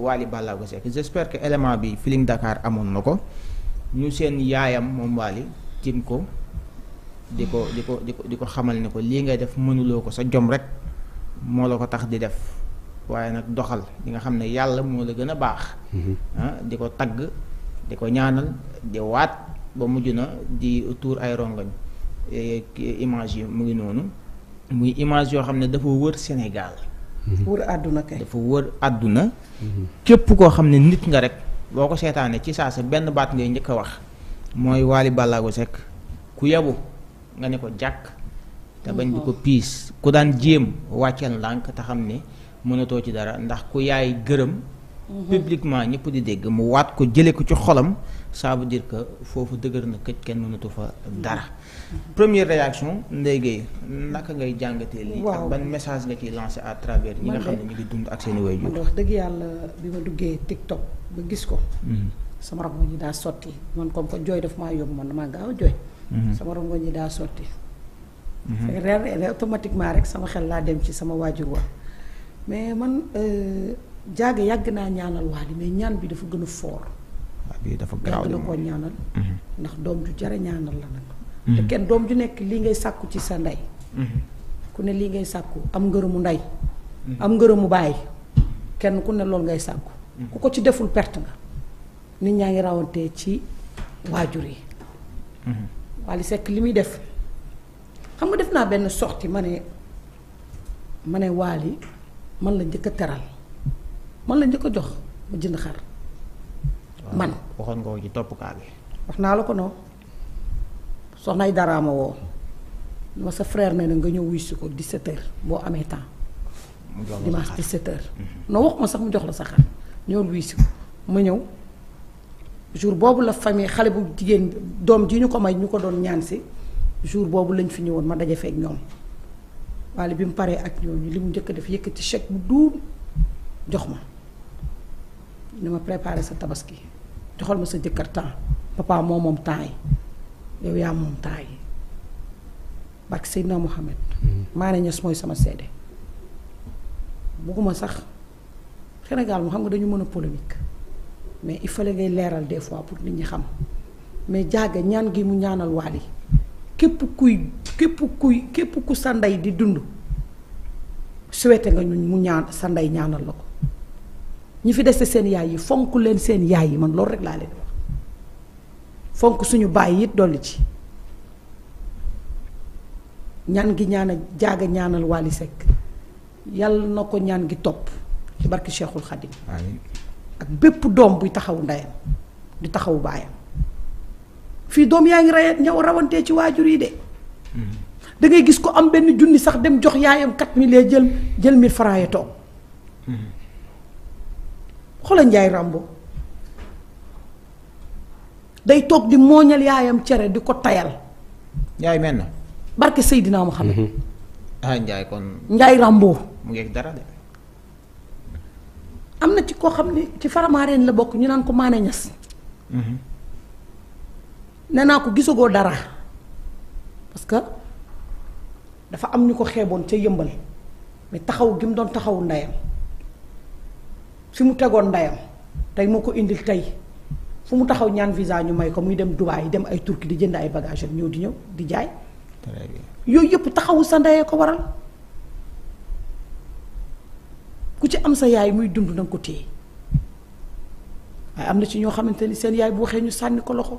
Wally Ballago Seck j'espère que élément bi Feeling Dakar amoon na ko ñu seen yaayam moom Wally tim ko di ko di ko di ko di ko xamal ne ko lii ngay def mënuloo ko sa jom rek moo la ko tax di def waaye nag doxal li nga xam ne yàlla moo la gën a baax mhm. ah, di ko tagg di ko ñaanal di waat ba mujj na di tuur ay rongoñ eh, image yi mu ngi noonu muy image yoo xam ne dafa wër Sénégal Mhm. wër àdduna kay dafa wër àdduna. képp koo xam ne nit nga rek boo ko seetaanee ci saa sa benn baat ngay njëkk a wax mooy Waly Ballago sekk ku yebu nga ne ko jàkk. te bañ di ko mhm. piis ku daan jéem wàccel ndànk te xam ni mënatoo ci dara ndax ku yaay gërëm. publiquement ñëpp di dégg mu waat ko jëlee ko ci xolam ça veut dire que foofu dëgër na këj kenn mënatu fa dara. première réaction Ndeye Gueye ngay jàngatee lii. ak ban message nga lancé à travers ñi xam ne ñu ngi dund ak seen i waajur. wax dëgg yàlla bi ma duggee TikTok ba gis ko. Mhm. sama rab ñu daa sotti man comme jooy daf maa yóbbu man damaa gaaw a jooy. Mhm. sama rab ñi daa sotti. Mhm. automatiquement rek sama xel laa dem ci sama waajur wa mais man. Euh, jaaga yàgg naa ñaanal Wally mais ñaan bi dafa gën a fort. waaw dafa gaaw na koo ñaanal. Mhm. ndax doom ju jara ñaanal la nag. Mhm. te kenn doom ju nekk lii ngay sàkku ci sa ndey. Mhm. ku ne lii ngay sàkku am ngërëmu ndey. am ngërëmu bàyyi kenn ku ne loolu ngay sàkku. ku ko ci deful perte nga. nit ñaa ngi rawantee ci waajur yi. Wally sekk li muy def xam nga def naa benn sortie ma ne ma ne Wally man la njëkk teral. man lañ di ko jox mu jënd xar. man waxoon nga ko ci topp kaa bi. wax naa la ko noonu soxna ay dara ma woo ma sa frère ne na nga ñëw wuy si ko 17h boo amee temps. mu jox la sa xar mhm. waxuma sax mu jox la sa xar ñëwul wuy ko ma ñëw jour boobu la famille xale bu jigéen doom ji ñu ko may ñu ko doon ñaan si jour boobu lañ fi ñëwoon ma daje feek ñoom. waaye bi mu paree ak ñooñu li mu njëkk a def yëkkati chèque bu duum jox ma. ni ma préparé sa tabaski joxal ma sa jëkkër temps papa moo moom temps yi yow yaa moom temps yi barke Seydina Mohamed maa mm-hmm. ne ñes mooy sama seede bugguma sax Sénégal mu xam nga dañu mën a polémique mais il fallait ngay leeral des fois pour nit ñi xam mais jaaga ñaan gi mu ñaanal Wally képp kuy képp kuy képp ku sa ndey di dund souhaité nga ñu mu ñaan sa ndey ñaanal la ko ñi fi dese seen yaay yi fonk leen seen yaay yi man loolu rek laa leen wax fonk suñu bàyyi it dolli ci ñaan gi ñaan a jaaga ñaanal Wally Seck yàlla na ko ñaan gi topp ci barki ak bépp doom buy taxaw ndeyam di taxaw baayam fii doom yaa ngi rayet ñëw rawantee ci waajur yi de hmm. dangay gis ko am benn junni sax dem jox yaayam quatre mille jël jël mille francs toog hmm. xoolal Njaay Rambo day toog di mooñal yaayam cere di ko tayal. Njaay mel na. barke Seydina Muhammad. Mhm. ah Njaay kon. Njaay Rambo. am na ci koo xam ne ci faramaareen la bokk ñu naan ko Maane Ñas. nee naa ko gisagoo dara parce que dafa am ñu ko xeeboon ca yëmbal mais taxaw gi mu doon taxawu ndeyam. fi mu tegoon ndeyam tey moo ko indil tey fu mu taxaw ñaan visa ñu may ko muy dem Dubaay dem ay Turki di jënd ay bagages ñëw di ñëw di jaay. yooyu yëpp taxawu sa ndeyee ko waral ku ci am sa yaay muy dund na ko téye waaye am na ci ñoo xamante ni seen yaay bu waxee ñu sànni ko loxo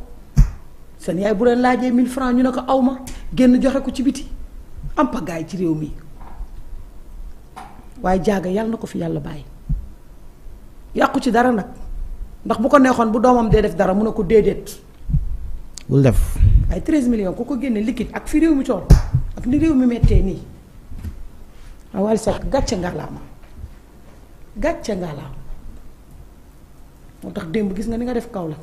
seen yaay bu leen laajee 1000 francs ñu ne ko awma génn joxe ko ci biti am pagaay ci réew mi waaye jaaga yàlla na ko fi yàlla bàyyi. yàqu ci dara nag ndax bu ko neexoon bu doomam dee def dara mun a ko déedéet. bul def. ay 13 millions ku ko génne liquide ak fi réew mi tool ak ni réew mi méttee nii ah Wally Seck gàcce ngalaama gàcce ngalaama moo tax démb gis nga ni nga def kaw la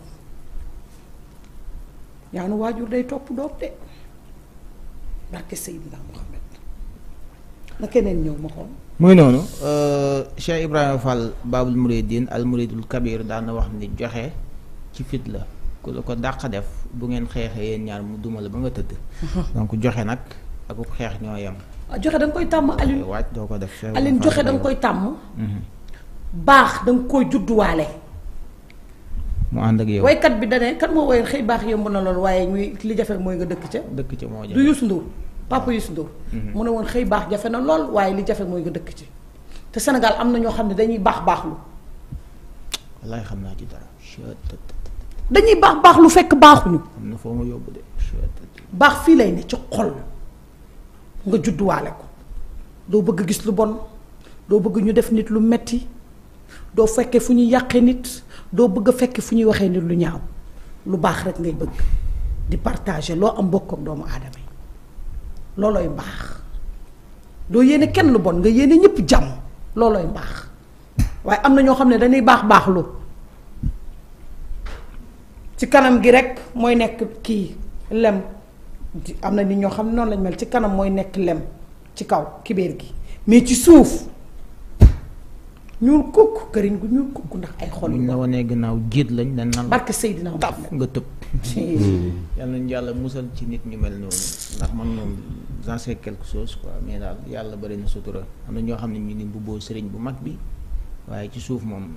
yaa nu waajur day topp doom de barke Seydina Muhammad na keneen ñëw ma xool. muy noonu euh, Cheikh Ibrahima Fall Babul Mouridine al Mouridul Kabir daan na wax ni joxe ci fit la ku la ko dàq def bu ngeen xeexee yéen ñaar mu duma la ba nga tëdd. donc joxe nag ak xeex ñoo yem. Ah, joxe da koy tàmm doo ko def. Alioune joxe da nga koy tàmm. Mhm. baax da nga koy judduwaale. mu ànd ak yow waykat bi da ne kat moo woyoon xëy baax yomb na lool waaye ñuy li jafe mooy nga dëkk ca. dëkk ca moo jafe du Youssou Ndour papa Youssou Ndour mu ne woon xëy baax jafe na lool waaye li jafe mooy nga dëkk ci te senegal am na ñoo xam ne dañuy baax baaxlu wallaay xam naa ci dara baax baax lu fekk baaxuñu am ma yóbbu baax fii lay ne ci xol nga judduwaale ko doo bëgg gis lu bon doo bëgg ñu def nit lu metti doo fekkee fu ñuy yàqee nit doo bëgg a fekkee fu ñuy waxee nit lu ñaaw lu baax rek ngay bëgg di partager loo am bokk doomu aadama yi loolooy mbaax doo yéene kenn lu bon nga yéene ñëpp jàmm loolooy mbaax waaye am na ñoo xam ne dañuy baax baax lu ci kanam gi rek mooy nekk kii lem am na nit ñoo xam ne noonu lañ mel ci kanam mooy nekk lem ci kaw kibéer gi mais ci suuf ñuul kukk këriñ gu ñuul kukk ndax ay xol yu. ñu la wanee gannaaw jiit lañ dañ naan. barke Seydina taf nga tëb. yal nañu yàlla musal ci nit ñu mel noonu ndax man ñoom j'en sais quelque chose daal yàlla bari na sutura am na ñoo xam ne ñu ngi mbubboo sëriñ bu mag bi waaye ci suuf moom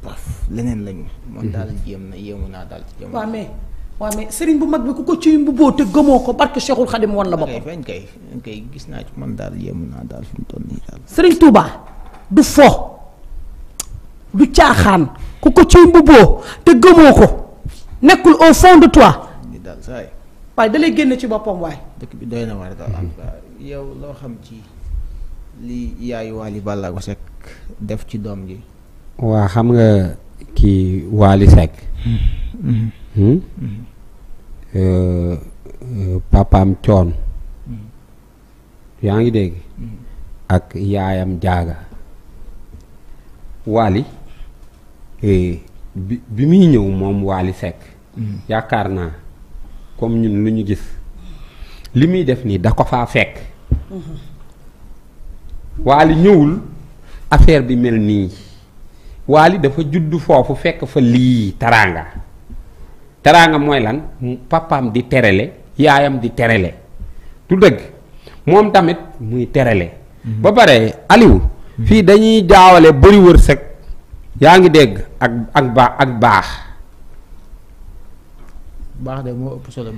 paf leneen lañu. man mhm. daal jéem na yéemu naa daal ci jamono. waaw mais waaw mais sëriñ bu mag bi ku ko ciy mbubboo te gëmoo ko barke Cheikhul Khadim woon la boppam. kay kay gis naa ci man daal yéemu naa daal fi mu nii daal. sëriñ Touba du fo. du caaxaan ku ko ci mbubboo te gëmoo ko nekkul au fond de waaye da lay génn ci boppam waay. dëkk bi doy na waar daal xam ci li yaayu Waly Ballago Seck def ci doom gi waa xam nga ki Waly Seck. Hmm. Hmm? Hmm. Euh, euh, papaam coon. yaa ngi dégg. ak yaayam jaaga Waly. Eh, bi bi muy ñëw moom Wally sekk hmm. yaakaar naa comme ñun lu ñu gis li muy def nii da ko faa fekk hmm. Wally ñëwul affaire bi mel nii Wally dafa juddu foofu fekk fa lii taraanga taraanga mooy lan papaam di terele yaayam di terele du dëgg moom tamit muy terele hmm. ba pare Aliou fii dañuy jaawale bëri wërsëg yaa ngi dégg ak ak baax ak baax. baax de moo ëpp solo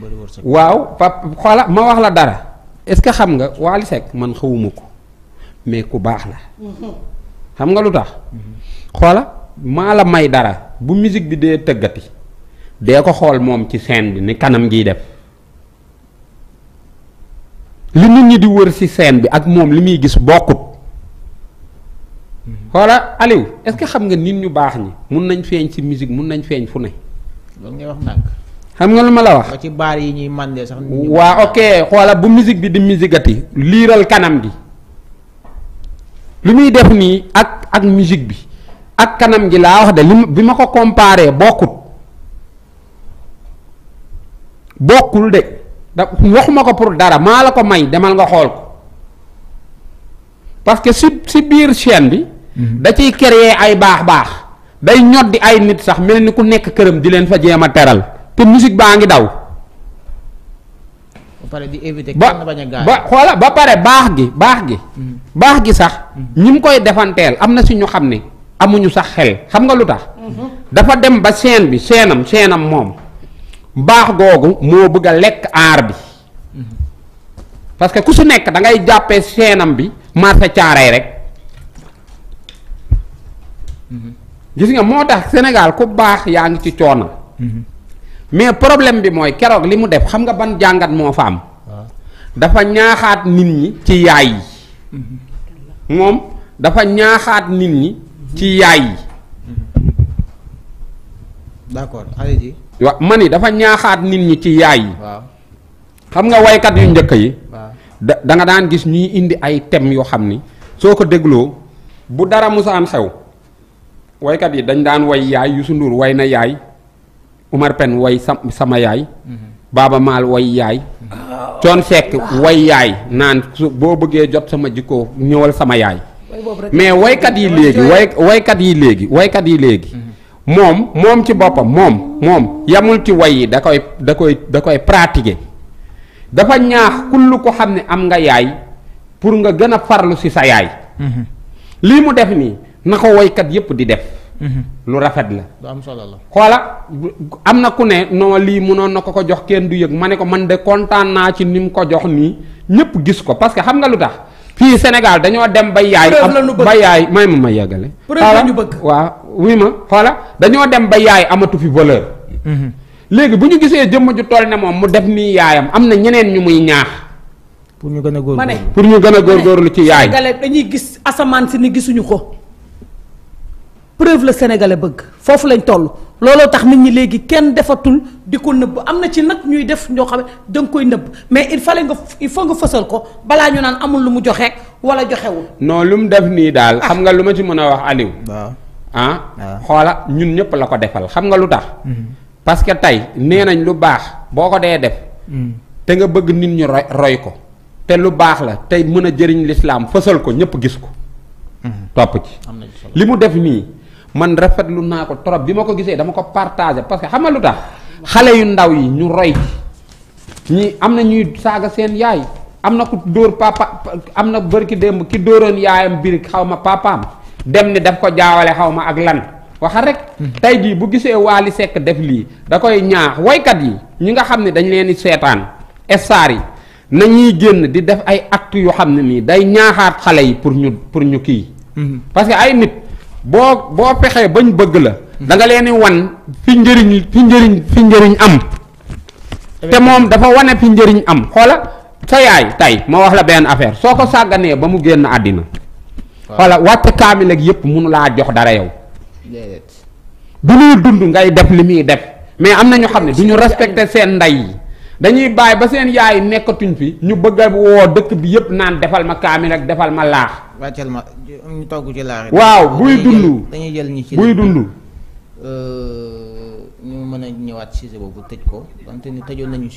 waaw pap xoola ma wax la dara est-ce que xam nga Wally Seck man xawuma ko mais ku baax la. xam nga lu tax. Mhm. xoola maa la may dara bu musique bi dee tëggati dee ko xool moom ci seen bi ni kanam giy def li nit ñi di wër ci scène bi ak moom li muy gis bokkut. xoola Aliou est-ce que xam nga nit ñu baax ñi mun nañ feeñ ci musique mun nañ feeñ fu ne. loolu ngay wax ndànk. xam nga lu ma la wax. ci baar yi ñuy mandee sax. waa ok xoola bu musique bi di musigati liiral kanam gi lu muy def nii ak ak musique bi ak kanam gi laa wax de li bi ma ko comparé bokkut bokkul de da waxuma ko pour dara maa la ko may demal nga xool ko parce que si si biir chaîne bi. Mhm. da ciy créer ay baax baax day ñoddi ay nit sax mel ni ku nekk këram di leen fa jéem a teral te musique baa ngi daw. ba di éviter kenn ba xoola ba pare baax gi baax gi. Mhm. baax gi sax. Mhm. ñi mu koy defanteel am na si ñu xam ne amuñu sax xel xam nga lu tax. dafa dem ba seen bi seenam seenam moom baax googu moo bëgg a lekk aar bi. parce que ku su nekk da ngay jàppee seenam bi marché caaree rek. gis nga moo tax Sénégal ku baax yaa ngi ci coono. mais problème bi mooy keroog li mu def xam nga ban jàngat moo fa am. dafa ñaaxaat nit ñi ci yaay yi. moom dafa ñaaxaat nit ñi ci yaay yi. d'accord allez-y. ni dafa ñaaxaat nit ñi ci yaay yi. xam nga woykat yu njëkk yi. da danga daan gis ñuy indi ay thèmes yoo xam ni soo ko dégloo bu dara musaan xew. waykat yi dañ daan woy yaay Youssou Ndour woy na yaay Umar Pen woy sam sama yaay mhm. Baaba Maal woy yaay Thione Seck woy yaay naan boo bëggee jot sama jikkoo ñëwal sama yaay mais woykat yi léegi way waykat yi léegi waykat yi léegi mhm. moom moom ci boppam moom moom yamul ci way yi da koy da koy da koy pratiquer dafa ñaax kull ko xam ne am nga yaay pour nga gën a farlu si sa yaay mhm. lii mu def nii na ko woykat yëpp di def. Mhm. lu rafet la. lu am solo la xoola am na ku ne noo lii mënoon na ko ko jox kenn du yëg ma ne ko man de kontaan naa ci ni mu ko jox nii ñëpp gis ko parce que xam nga lu tax fii Sénégal dañoo dem ba yaay. am ba yaay may ma ma yeggale. xoola waaw wuy ma xoola dañoo dem ba amatu fi valeur. Mhm. léegi bu ñu gisee jëmm ju toll ne moom mu def nii yaayam am na ñeneen ñu muy ñaax. pour ñu gën a góorgóorlu pour ñu gën a góorgóorlu ci yaay. dañuy gis asamaan si ni gisuñu ko. preuve la sénégalais bëgg foofu lañ toll looloo tax nit ñi léegi kenn defatul di ko nëbb am na ci nag ñuy def ñoo xam koy nëbb mais il fallait nga il faut nga fësal ko balaa ñu naan amul lu mu joxe wala joxewul non lu mu def nii daal ah. xam nga lu ma ci mën a wax Aliou ah xoola ñun ñëpp la ko defal xam nga lu tax mm-hmm. parce que tey nee nañ lu baax boo ko dee def mm-hmm. te nga bëgg nit ñu roy ko te lu baax la tey mën a jëriñ lislaam fësal ko ñëpp gis ko mm-hmm. topp ci li mu def nii man rafetlu naa ko trop bi ma ko gisee dama ko partagé parce que xam nga lu tax xale yu ndaw yi ñu roy ci ñi am na ñuy saaga seen yaay am na ku dóor papa am na bërki démb ki dóoroon yaayam birig xaw ma papaam dem ni daf ko jaawale xaw ma ak lan waxal rek tey jii bu gisee waa li sekk def lii da koy ñaax woykat yi ñi nga xam ne dañ leen di seetaan star yi nañuy génn di def ay actes yoo xam ne nii day ñaaxaat xale yi pour ñu pour ñu kii mhm. parce ay nit boo boo pexee bañ bëgg la. da nga leen di wan fi njëriñ fi njëriñ fi njëriñ am. te moom dafa wane fi njëriñ am xoola sa yaay tey ma wax la benn affaire soo ko sàgganee ba mu génn àddina. xoola wàcc kaamil ak yëpp mënu laa jox dara yow. du ñuy dund ngay def li muy def mais am na ñu xam ne du ñu respecté seen ndey yi dañuy bàyyi ba seen yaay nekkatuñ fi ñu bëgg a woo dëkk bi yëpp naan defal ma kaamil ak defal ma laax. wàccal ma ñu togg ci laax. waaw buy dund dañuy jël ñi ci buy dund. Euh, ñu mën a ñëwaat sujet boobu tëj ko wante ni tëjoon nañu